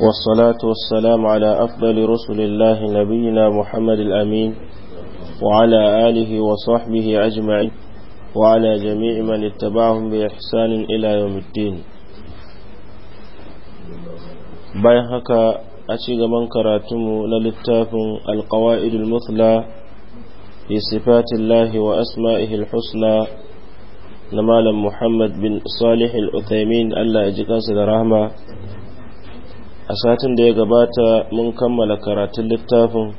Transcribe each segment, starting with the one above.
والصلاة والسلام على أفضل رسل الله نبينا محمد الأمين وعلى آله وصحبه أجمعين وعلى جميع من اتبعهم بإحسان إلى يوم الدين بيهك أشيغ من كراتم للتاف القوائد المثلى في صفات الله وأسمائه الحسنى نمال محمد بن صالح الأثيمين ألا إجتاز الرحمة a satin da ya gabata mun kammala karatun littafin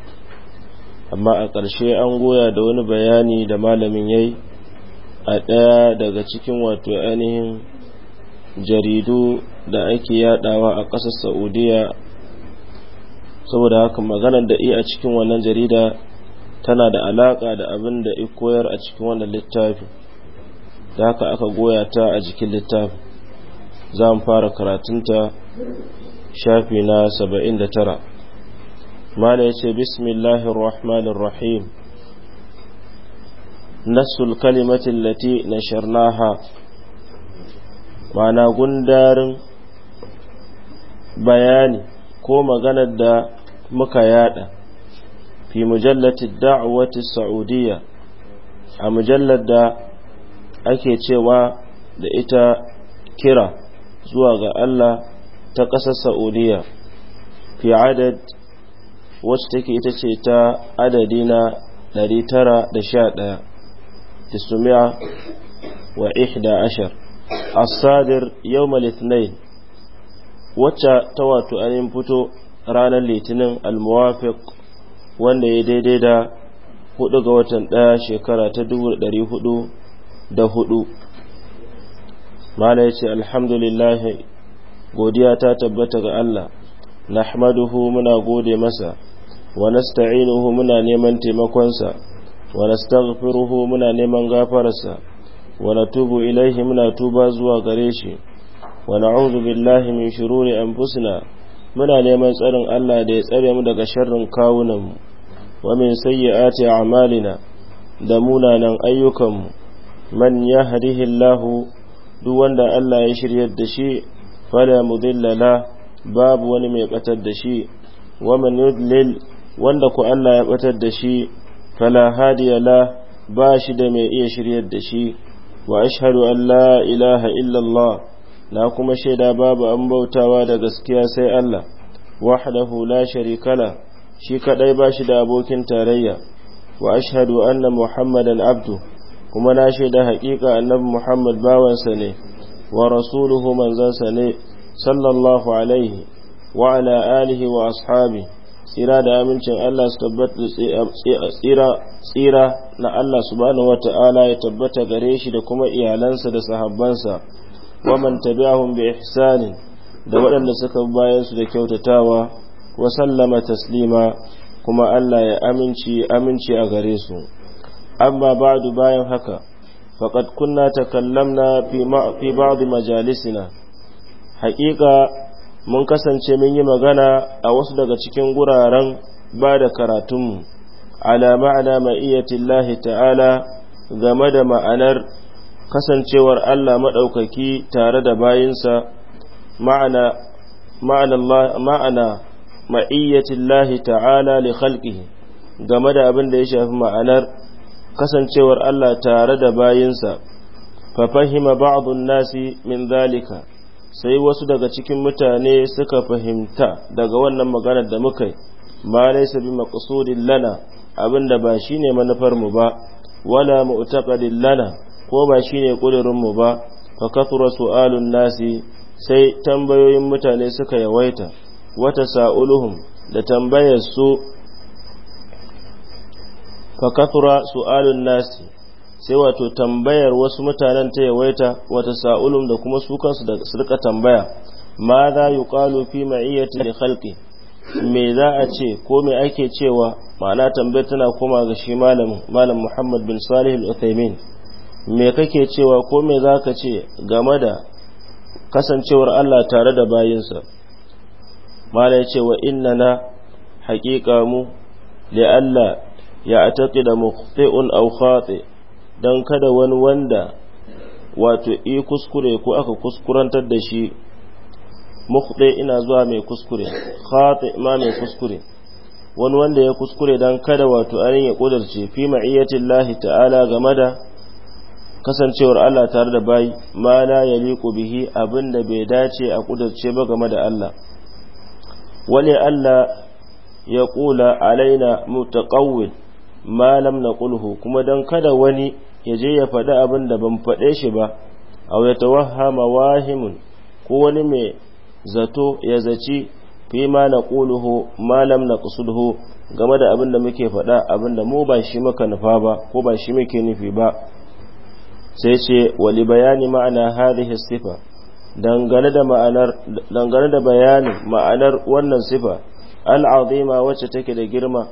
amma a ƙarshe an goya da wani bayani da malamin ya yi a ɗaya daga cikin wato ainihin jaridu da ake yadawa a ƙasar saudiya saboda haka maganar da iya a cikin wannan jarida tana da alaƙa da abin da koyar a cikin wannan littafi da haka aka goya ta a jikin littafi za mu fara karatunta shafi na saba'in da tara mala ya ce bismillahir rahmanir rahim nasul kalimatin lati na sharnaha mana gundarin bayani ko maganar da muka yaɗa. fi mujallatin da'awati saudiya a mujallar da ake cewa da ita kira zuwa ga Allah ta ƙasar saudiya fi adad wacce take ita ce ta adadi na 911 tisumiya wa ihda ashar asadir yau malitnai wacce ta wato ainihin fito ranar litinin almuwafiq wanda ya daidai da hudu ga watan ɗaya shekara ta dubu ɗari hudu da hudu mala ya ce alhamdulillahi godiya ta tabbata ga Allah nahmaduhu muna gode masa wa nasta'inuhu muna neman taimakonsa wa nastaghfiruhu muna neman gafararsa wa tubu ilaihi muna tuba zuwa gare shi wa na'udhu billahi min shururi anfusina muna neman tsarin Allah da ya tsare mu daga sharrin mu, wa min sayyi'ati a'malina da munanan ayyukanmu man yahdihillahu duk wanda Allah ya shiryar da shi فلا مضل له باب ونمي قتد دشي ومن يضلل وندك ألا يقتد دشي فلا هادي له باشد مي إيه شريد دشي وأشهد أن لا إله إلا الله na kuma shaida babu an bautawa da gaskiya sai Allah wahdahu hula sharika kala, shi ba shi da abokin tarayya wa ashhadu muhammadan abdu kuma na shaida haƙiƙa annabi muhammad bawansa ne ورسوله من زاسني صلى الله عليه alihi wa ashabi tsira da amincin Allah su tabbata tsira na Allah subhanahu wata'ala ya tabbata gare shi da kuma iyalansa da sahabbansa wa man tabi'ahum bi ihsanin da waɗanda suka bayan su da kyautatawa wa sallama taslima kuma Allah ya aminci aminci a gare su amma ba'du bayan haka فقد كنا تكلمنا في بعض مجالسنا حقيقة mun kasance mun yi magana a wasu daga cikin guraren ba da karatunmu ala ma'ana ma'iyyatillahi ta'ala game da ma'anar kasancewar Allah maɗaukaki tare da bayinsa ma'ana ma'ana ma'iyyatillahi ta'ala li khalqihi game da abin da ya shafi ma'anar kasancewar Allah tare da bayinsa fa fahima ba'dun nasi min zalika sai wasu daga cikin mutane suka fahimta daga wannan maganar da muka yi ma laysa bi maqsudin lana abinda ba shine manufar mu ba wala mu'taqadin lana ko ba shine kudurin mu ba fa kathura su'alun nasi sai tambayoyin mutane suka yawaita wata sa'uluhum da tambayar su fa kathura su'alun nasi sai wato tambayar wasu mutanen ta yawaita wata sa'ulum da kuma su kansu da su tambaya ma za yi kwalo fi ma'iyati li khalqi me za a ce ko me ake cewa ma'ana tambayar tana koma ga shi malam malam Muhammad bin Salih al-Uthaymin me kake cewa ko me za ka ce game da kasancewar Allah tare da bayinsa malam ya ce wa inna na haƙiƙa mu da Allah ya da mukhti'un aw khati dan kada wani wanda wato i kuskure ko aka kuskurantar da shi mukhti ina zuwa mai kuskure khati ma mai kuskure wani wanda ya kuskure dan kada wato an ya kudarce fi ma'iyati Allah ta'ala game da kasancewar Allah tare da bai ma la yaliqu bihi abinda bai dace a kudarce ba game da Allah wani Allah ya kula alaina mutaqawwil malam na kulhu kuma don kada wani ya je ya faɗi abin da ban faɗe shi ba a ya tawahama wahimun ko wani mai zato ya zaci fi ma na kulhu malam na kusulhu game da abin da muke faɗa abin da mu ba shi maka nufa ba ko ba shi muke nufi ba sai ce wali bayani ma'ana hadhihi sifa dangane da ma'anar bayanin ma'anar wannan sifa al'azima wacce take da girma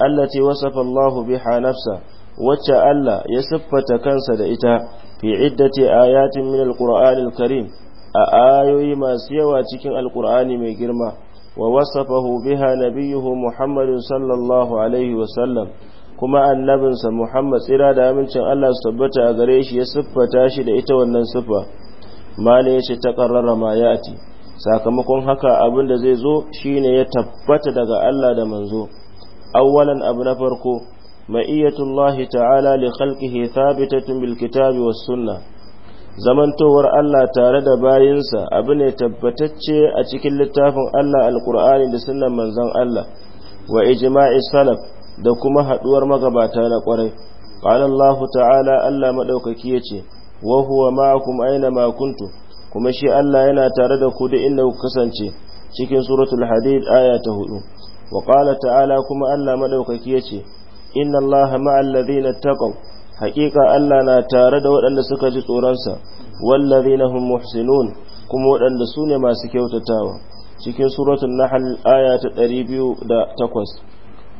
allati wasafa Allah biha nafsa wacce Allah ya siffata kansa da ita fi ayatin min alqur'anil karim a ayoyi masu yawa cikin alqur'ani mai girma wa wasafahu biha nabiyuhu Muhammad sallallahu kuma annabinsa Muhammad tsira da amincin Allah su tabbata a shi ya siffata shi da ita wannan mala ta sakamakon haka abin da zai zo shine ya tabbata daga Allah da manzo awwalan abu na farko ma'iyyatullahi ta'ala li khalqihi thabitatun bil kitabi was sunnah zamantowar Allah tare da bayinsa abu ne tabbatacce a cikin littafin Allah alkur'ani da sunan manzon Allah wa ijma'i salaf da kuma haduwar magabata na kwarai qala Allah ta'ala Allah madaukaki yace wa huwa ma'akum aina ma kuntum kuma shi Allah yana tare da ku da inda ku kasance cikin suratul hadid aya ta 4 wa qala ta'ala kuma Allah madaukaki yace inna allaha ma'al ladina taqaw haqiqa Allah na tare da waɗanda suka ji tsoronsa wallazina hum muhsinun kuma waɗanda su ne masu kyautatawa cikin suratul nahl aya ta 208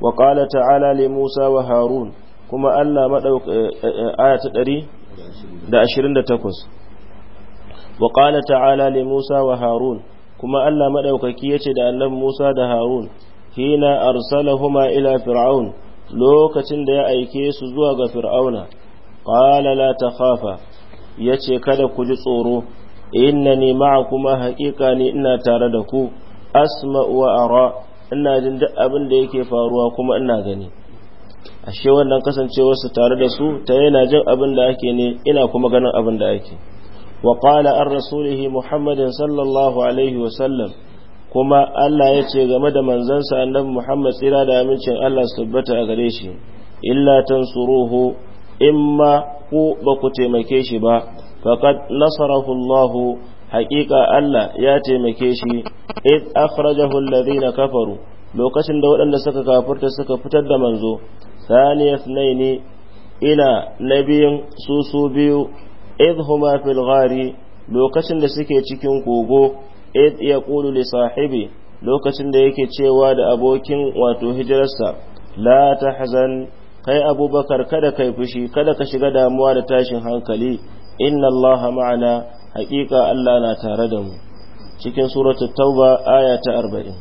wa qala ta'ala li musa wa harun kuma Allah madauka eh, eh, eh, aya ta 128 wa qala ta'ala li musa wa harun kuma Allah madaukaki yace da annabi Musa da Harun hina arsalahuma ila fir'aun lokacin da ya aike su zuwa ga fir'auna qala la takhafa yace kada ku ji tsoro innani kuma haqiqa ne ina tare da ku asma'u wa ara ina jin duk abin da yake faruwa kuma ina gani ashe wannan kasancewar tare da su ta yana jin abin da ake ne ina kuma ganin abin da ake wa qala ar rasulihi muhammadin sallallahu alaihi wa sallam kuma Allah ya ce game da manzansa annabi Muhammad tsira da amincin Allah su tabbata a gare shi illa tansuruhu imma ku ba ku taimake shi ba faqad nasarahu Allah haƙiƙa Allah ya taimake shi id akhrajahu alladhina kafaru lokacin da waɗanda suka kafurta suka fitar da manzo thaniya thnaini ila nabiyin susu biyu idhuma huma fil ghari lokacin da suke cikin kogo id ya kulu li sahibi lokacin da yake cewa da abokin wato hijirarsa la ta kai abubakar kada kai fushi kada ka shiga damuwa da tashin hankali inna allaha ma'ana haƙiƙa allah na tare da mu cikin suratul tauba aya ta arba'in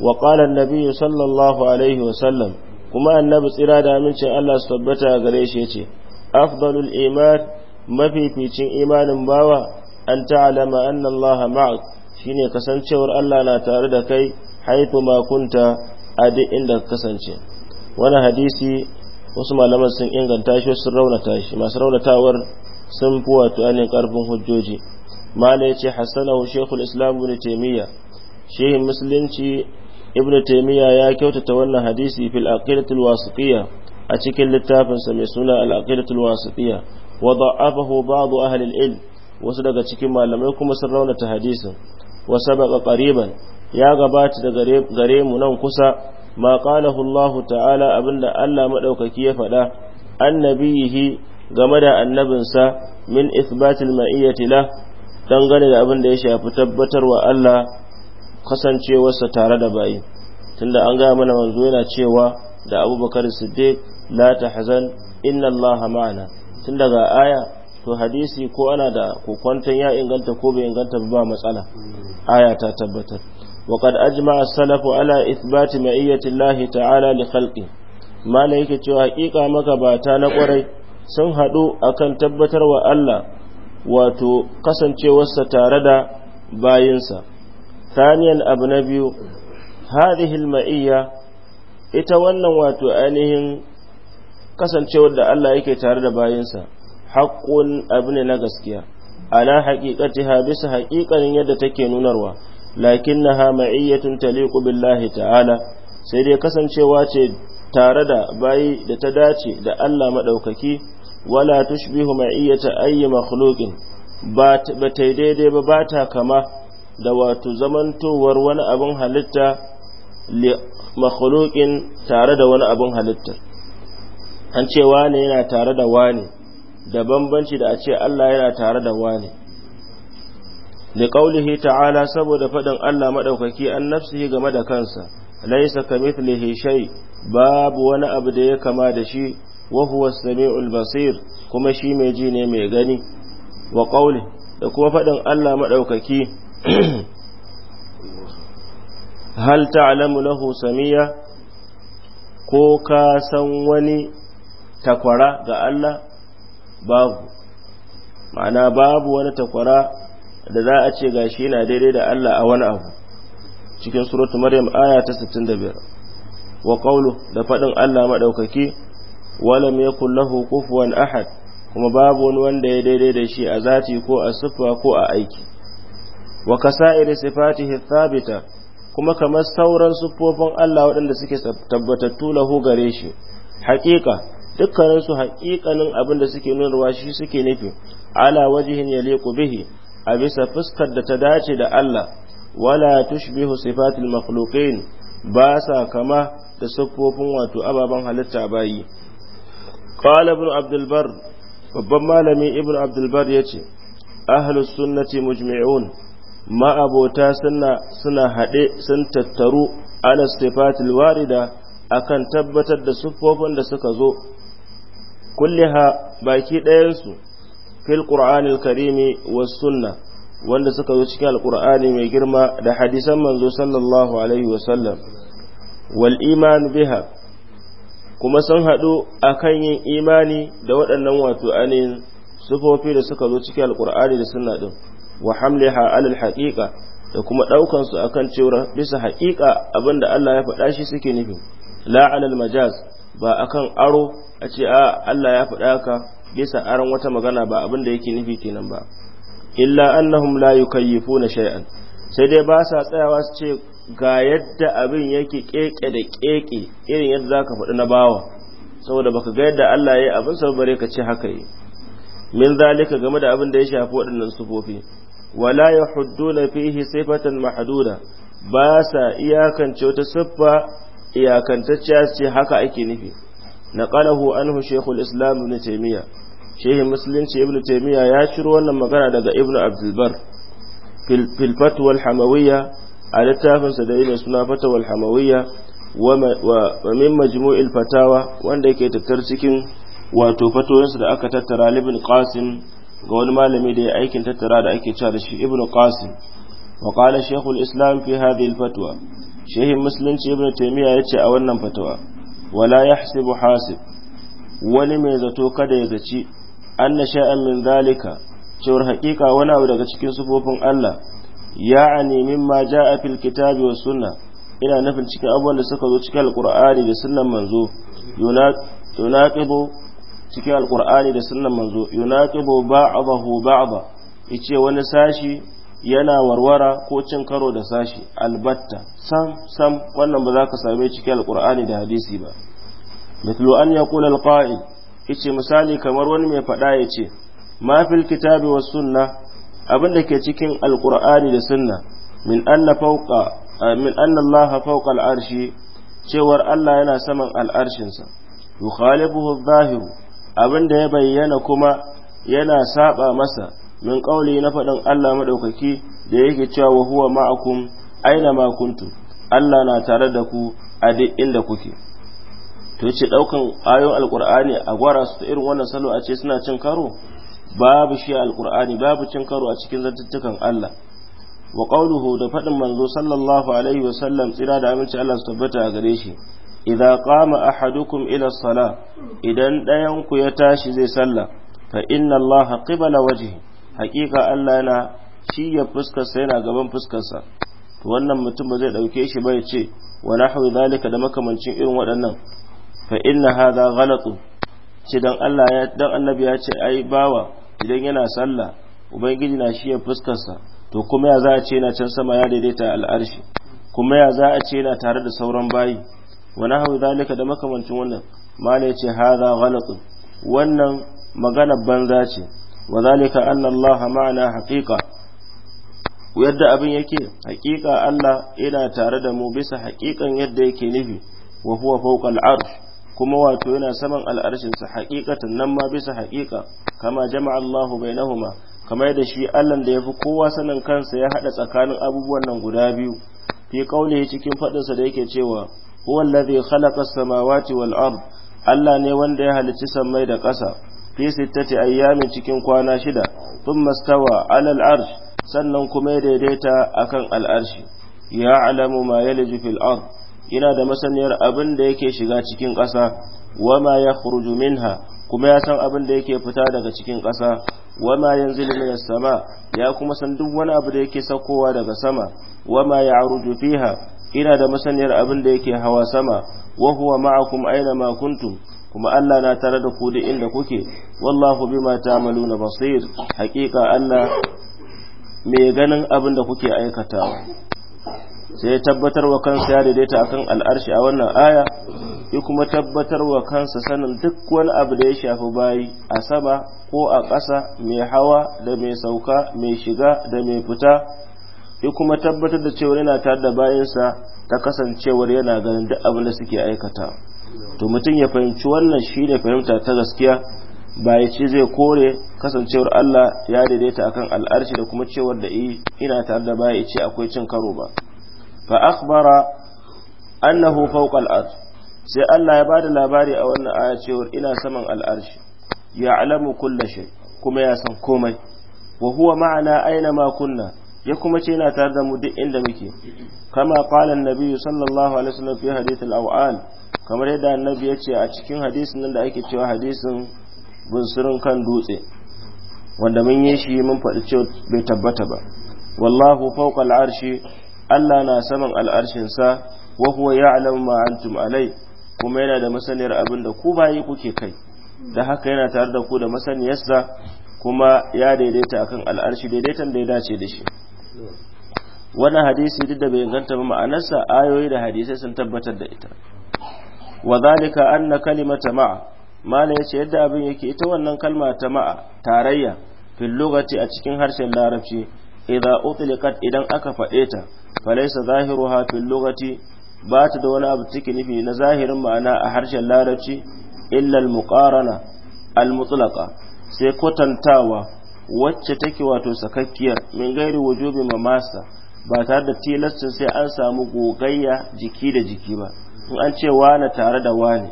wa qala an sallallahu alaihi wa sallam kuma annabi tsira da aminci allah su tabbata gare shi yace afdalul iman mafificin imanin bawa an ta'lama anna allaha ma'ak shine kasancewar Allah na tare da kai haitu makunta a duk inda ka kasance wani hadisi wasu malaman sun inganta shi sun raunata shi masu raunatawar sun fi wato ainihin karfin hujjoji mala ya ce hassanahu shekul islam ibn taimiyya shehin musulunci ibn taimiyya ya kyautata wannan hadisi fil aqidatul wasiqiyya a cikin littafinsa mai suna al aqidatul wasiqiyya wa da'afahu ba'd ahli al ilm wasu daga cikin malamai kuma sun raunata hadisin wa kariban ya gabata da gare mu nan kusa ma qalahu Allah ta'ala abinda Allah maɗaukaki ya faɗa annabihi game da annabin sa min ithbatil ma'iyyati la gane da abin da ya shafi tabbatarwa Allah kasancewarsa tare da bayi tunda an gaya mana manzo yana cewa da Abubakar Siddiq la tahzan inna Allah ma'ana tunda ga aya to hadisi ko ana da kokwanton ya inganta ko bai inganta ba matsala aya ta tabbatar wa qad ajma as-salafu ala ithbati ma'iyati Allah ta'ala li khalqi mala yake cewa hakika maka bata na kwarai sun hadu akan tabbatar wa Allah wato kasancewarsa tare da bayinsa abu abnabiyu hadhihi al-ma'iyya ita wannan wato ainihin kasancewar da Allah yake tare da bayinsa haƙƙun abu ne na gaskiya ala ha bisa haƙiƙanin yadda take nunarwa lakin na ta taliku billahi ta'ala sai dai kasancewa ce tare da bayi da ta dace da Allah maɗaukaki wala tushbihu ma'iyyata ayi makhluqin ba ta daidai ba ba ta kama da wato zamantowar wani abin halitta li makhluqin tare da wani abin halitta an cewa ne yana tare da wani. da bambanci da a ce Allah yana tare da wani ni kaulihi ta'ala saboda faɗin Allah maɗaukaki an nafsihi game da kansa laysa kamithlihi shay babu wani abu da ya kama da shi wa huwa as-sami'ul basir kuma shi mai ji ne mai gani wa da kuma faɗin Allah madaukaki hal ta'lamu lahu samiya ko ka san wani takwara ga Allah babu ma'ana babu wani takwara da za a ce ga shi na daidai da Allah a wani abu cikin suratu maryam aya ta 65 wa qawlu da fadin Allah madaukaki walam yakul lahu kufuwan ahad kuma babu wani wanda ya daidai da shi a zati ko a siffa ko a aiki wa kasa'iri sifatihi thabita kuma kamar sauran siffofin Allah waɗanda suke tabbatattu lahu gare shi haƙiƙa dukkaninsu haƙiƙanin abin da suke nunarwa shi suke nufi ala wajihin ya leku bihi a bisa fuskar da ta dace da Allah wala tushbihu sifatil makhluqin ba sa kama da siffofin wato ababen halitta bayi qala ibn abdul bar babban malami ibn abdul bar yace ahlus sunnati mujmi'un ma abota sunna suna hade sun tattaru ala sifatil warida akan tabbatar da siffofin da suka zo kulliha baki ɗayansu fil qur'anil karimi was sunna wanda suka zo cikin alqur'ani mai girma da hadisan manzo sallallahu alaihi wasallam wal iman biha kuma sun haɗu akan yin imani da waɗannan wato anin sufofi da suka zo cikin alqur'ani da sunna din wa hamliha alal haqiqa da kuma ɗaukan su akan cewa bisa haqiqa abinda Allah ya faɗa shi suke nufi la alal majaz ba kan aro a ce a Allah ya faɗa haka bisa aron wata magana ba abin da yake nufi kenan ba illa annahum la yukayyifuna shay'an sai dai ba sa tsayawa su ce ga yadda abin yake keke da keke irin yadda zaka faɗi na bawa saboda baka ga yadda Allah ya yi abin sa bare ka ce haka yi min zalika game da abin da ya shafi waɗannan sufofi wala yahudduna fihi sifatan mahduda ba sa iyakance wata siffa iyakantacciya ce haka ake nufi naqalahu anhu shaykhul islam ibn taymiya shehi musulunci ibn taymiya ya ciro wannan magana daga ibn abdul bar fil fatwa al hamawiyya a littafin da yake suna fatwa al hamawiyya wa min majmu'il fatawa wanda yake tattar cikin wato fatoyinsa da aka tattara libin qasim ga wani malami da ya aikin tattara da ake cewa da shi ibnu qasim wa qala islam fi hadhihi shehin musulunci ibn taymiya yace a wannan fatawa wala yahsibu hasib wani mai zato kada ya zaci anna sha'an min zalika cewar haƙiƙa wani abu daga cikin sufofin Allah ya ya'ani mimma ja'a fil kitabi was sunna ina nufin cikin abubuwan da suka zo cikin alqur'ani da sunnan manzo yunaqibu cikin alqur'ani da sunnan manzo yunaqibu ba'dahu ba'da yace wani sashi yana warwara ko cin karo da sashi albatta sam sam wannan ba za ka same cikin alkur'ani da hadisi ba mithlu an yaqul alqa'il yace misali kamar wani mai fada yace ma fil kitabi was sunna abin da ke cikin alkur'ani da sunna min anna fawqa min anna allaha fawqa al'arshi cewar Allah yana saman al'arshinsa yukhalibuhu adh-dhahir abin da ya bayyana kuma yana saba masa min qawli na faɗin Allah maɗaukaki da yake cewa wa huwa ma'akum aina ma kuntu Allah na tare da ku a duk inda kuke to ce daukan ayoyin alqur'ani a gwara su irin wannan salo a ce suna cin karo babu shi alqur'ani babu cin karo a cikin zantuttukan Allah wa qauluhu da faɗin manzo sallallahu alaihi wa sallam tsira da aminci Allah su tabbata a gare shi idza qama ahadukum ila sala idan ɗayan ku ya tashi zai sallah fa inna allaha qibala wajhi hakika Allah yana ya fuskarsa yana gaban fuskarsa to wannan mutum ba zai dauke shi ba ya ce wa nahwu zalika da makamancin irin waɗannan fa inna hadha ghalatu shi dan Allah ya dan annabi ya ce ai bawa idan yana sallah ubangiji na shi ya fuskarsa to kuma ya za a ce yana can sama ya daidaita al'arshi kuma ya za a ce yana tare da sauran bayi wa nahwu zalika da makamancin wannan mala ya ce hadha ghalatu wannan magana banza ce وذلك أن الله معنا حقيقة yadda abin yake hakika Allah yana tare da mu bisa hakikan yadda yake nufi wa huwa fawqa al kuma wato yana saman al'arshin sa nan ma bisa haƙiƙa. kama jama'a Allahu bainahuma Kamar da shi Allah da ya fi kowa sanin kansa ya haɗa tsakanin abubuwan nan guda biyu fi qaulihi cikin fadin sa da yake cewa huwa allazi khalaqa as-samawati wal ard Allah ne wanda ya halicci mai da ƙasa fi sittati ayyamin cikin kwana shida tun mastawa alal arsh sannan kuma ya daidaita akan kan ya ya ma ya fil ard yana da masaniyar abin da yake shiga cikin ƙasa wa ma yakhruju minha kuma ya san abin da yake fita daga cikin ƙasa wama zili mai sama ya kuma san duk wani abu da yake saukowa daga sama wama ya'ruju fiha ina da masaniyar abin da yake hawa sama wa huwa ma'akum aina ma kuntum kuma Allah na tare da ku da inda kuke wallahu bima ta'maluna basir Hakika Allah mai ganin abin da kuke aikatawa sai ya tabbatar wa kansa ya daidaita akan al'arshi a wannan aya yi kuma tabbatar wa kansa sanin duk wani abu da ya shafi bayi a sama ko a ƙasa mai hawa da mai sauka mai shiga da mai fita yi kuma tabbatar da cewa yana tare da bayansa ta kasancewar yana ganin duk abin da suke aikata to mutum ya fahimci wannan shi ne fahimta ta gaskiya ba ya ce zai kore kasancewar Allah ya daidaita akan al'arshi da kuma cewar da ina tare da baya ce akwai cin karo ba fa akhbara annahu fawqa al'arsh sai Allah ya bada labari a wannan aya cewar ina saman al'arshi ya'lamu kulla shay kuma ya san komai wa huwa ma'ana aina ma kunna ya kuma ce yana tare da mu duk inda muke kama qala annabi sallallahu alaihi wasallam fi hadith al-awan kamar yadda annabi ya ce a cikin hadisin nan da ake cewa hadisin bunsurin kan dutse wanda mun yi shi mun faɗi cewa bai tabbata ba wallahu fawqa al-arshi Allah na saman al'arshin sa wa huwa ya'lamu ma antum alai kuma yana da masaniyar abin da ku bayi kuke kai da haka yana tare da ku da masaniyarsa kuma ya daidaita akan al'arshi daidaitan da ya dace da shi wannan hadisi duk da bai inganta ba ma'anarsa ayoyi da hadisai sun tabbatar da ita wa zalika anna kalimata ma'a mala yace yadda abin yake ita wannan kalma ta ma'a tarayya fil lugati a cikin harshen larabci idza utliqat idan aka faɗe ta falaysa zahiruha fil lugati ba ta da wani abu take nufi na zahirin ma'ana a harshen larabci illa al muqarana al mutlaqa sai kwatantawa wacce take wato sakakkiyar min gairi wujubi mamasa ba tare da tilastin sai an samu gogayya jiki da jiki ba in an ce wane tare da wane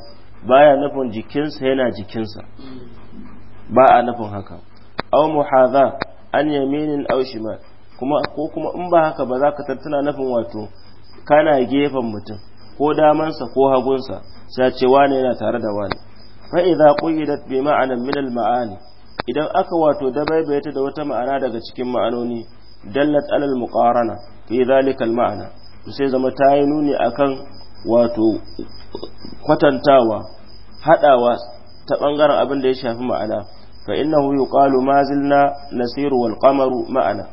baya nufin jikinsa yana jikinsa ba a nufin haka aw muhadha an yaminin aw shimal kuma ko kuma in ba haka ba za ka tattuna nufin wato kana gefen mutum ko damansa ko hagunsa sai ce wane yana tare da wane fa idza quyidat bi ma'anan min al ma'ani idan aka wato dabaibaita da wata ma'ana daga cikin ma'anoni dallat alal muqarana fi zalika al ma'ana to sai zama ta yi nuni akan wato kwatantawa hadawa ta bangaren abin da ya shafi ma'ana fa innahu yuqalu ma zilna nasiru wal qamaru ma'ana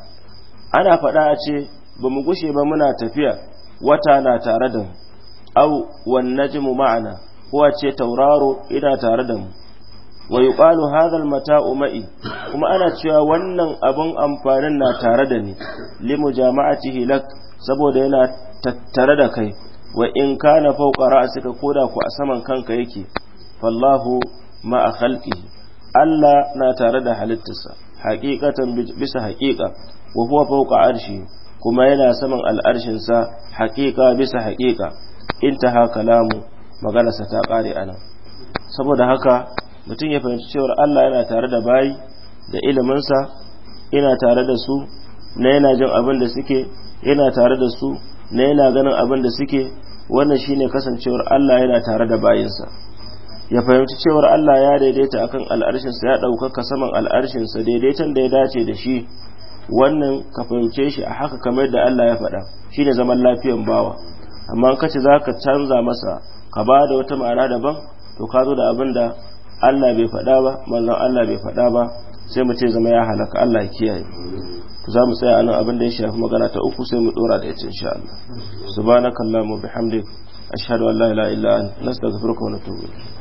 ana faɗa a ce ba mu gushe ba muna tafiya wata na tare da mu au wan najmu ma'ana ko ce tauraro ina tare da mu wa yuqalu hadha mata ma'i kuma ana cewa wannan abin amfanin na tare da ni limu jama'atihi hilak saboda yana tattare da kai wa in kana fawqa ra'sika koda ku a saman kanka yake fallahu a halki. Allah na tare da halittarsa haqiqatan bisa haqiqa wa huwa fawqa arshi kuma yana saman al'arshinsa haqiqa bisa haqiqa intaha kalamu maganarsa ta kare anan saboda haka mutum ya fahimci cewar Allah yana tare da bayi da iliminsa ina tare da su na yana jin abin da suke yana tare da su na yana ganin abin da suke wannan shine kasancewar Allah yana tare da bayinsa ya fahimci cewar Allah ya daidaita akan al'arshinsa ya ɗaukaka saman al'arshinsa daidaitan da ya dace da shi wannan ka fahimce shi a haka kamar da Allah ya faɗa shine zaman lafiyan bawa amma kace ka canza masa ka ba da wata ma'ana daban to ka zo da abin da Allah bai faɗa ba mallan Allah bai faɗa ba sai mu ce zama ya halaka Allah ya kiyaye za mu tsaya anan abin da ya shafi magana ta uku sai mu dora da ita insha Allah subhanakallahumma bihamdik ashhadu an la ilaha illa anta nastaghfiruka wa natubu ilayk